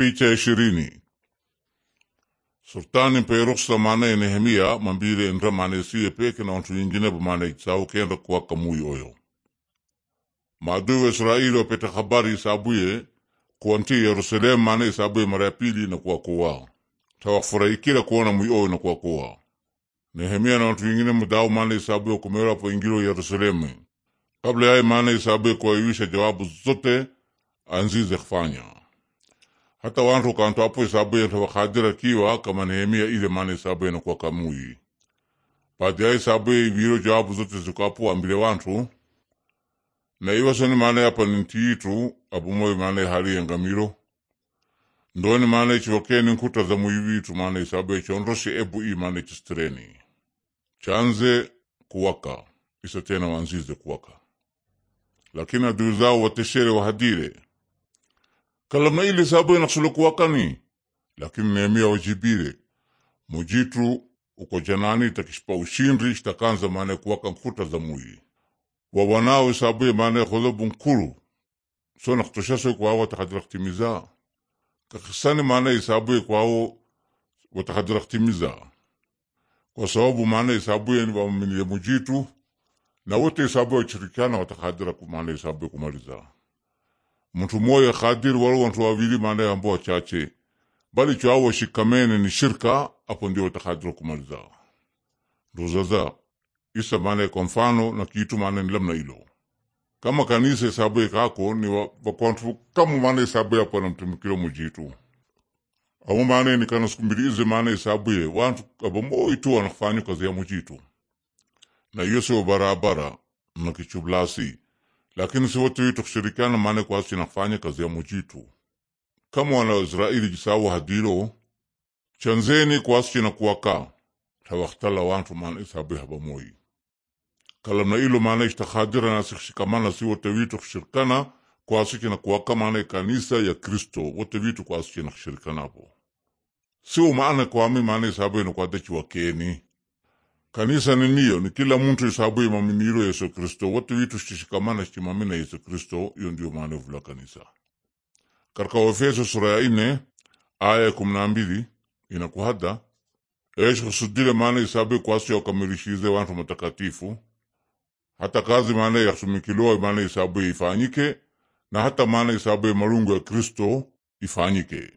Picha ya ishirini sultani mpeyruksa manaye nehemia mambile nra manesiye peke na wantu yingine bamanaitsau kenra kuwakamuyi oyo maadui wa israili wapeta habari isabuye kuwanti yerusalemu mana isabuye mara ya pili na kuwakowa tawafurahikira kuona muyi oyo na kuwakowa nehemia na wantu yingine mudao mana isabuye kumera po ingilo yerusalemu kabla yaye mana isabuye kuwaiwisha jawabu zote anzize kufanya hata wantu kantu apo hesabu yenu wakadira kiwa kama Nehemia ile mana isabu yenu kuwa kamui baada ya hesabu wiro jawabu zote zikapo ambile wantu na iwasoni maana yapa nintiitu mana maana hali yangamiro ndoni maana ichiwokeni nkuta za mana isabu hesabu yachondrosi ebu i maana chistreni chanze kuwaka isa tena wanzize kuwaka lakini adui zao wateshere wahadire kalama ile saabu enaksulokuwakani lakini Nehemia wajibile mujitu uko janani takishpa ushindri shtakanza maana kuwaka nkuta za muyi wa wanawe saabuye maana kholobu nkuru so naktoshaswe kwawo watakadirakhtimiza kakisani maana isaabuye kwawo watakadirakhtimiza kwa sababu maana isaabuye ni wamilie mujitu na wote isaabuye washirikiana watakadira maana isaabuye kumaliza mtu moya khadiri wala wantu wawili maana ya mboa chache bali chwawo shikamene ni shirka apo ndio utakadiri kumaliza nduzaza isa maana kwa mfano na kitu maana ni lamna ilo kama kanisa hesabu kako ni wakwantu kama maana hesabu yapo na mtumikiro mujitu au maana ni kana siku mbili ize maana hesabu ye wantu abomoi tu wanakufanya kazi ya mujitu na iyo sio barabara na kichublasi lakini si wote wi tukushirikiana maana sisi nafanya kazi ya mujitu kama wana Israeli jisau hadiro chanzeni na kuwaka tawakhtala wantu maana isabe kala na ilo maana ishtakhadira nasikushikamana si wote kwa sisi na kuwaka maana kanisa ya Kristo wote na kwasi hapo sio maana mimi maana isabe wakeni Kanisa ni niyo ni kila muntu isabu imaminiro Yesu Kristo wote witu shishikamana shimamina Yesu Kristo iyo ndiyo maana vula kanisa karka Waefeso sura ya ine aya ya kumi na mbili inakuhada kusudile maana isabu kwasi wakamilishize wantu matakatifu hata kazi maana yasumikiliwa maana isabu ifanyike na hata maana isabu malungu ya Kristo ifanyike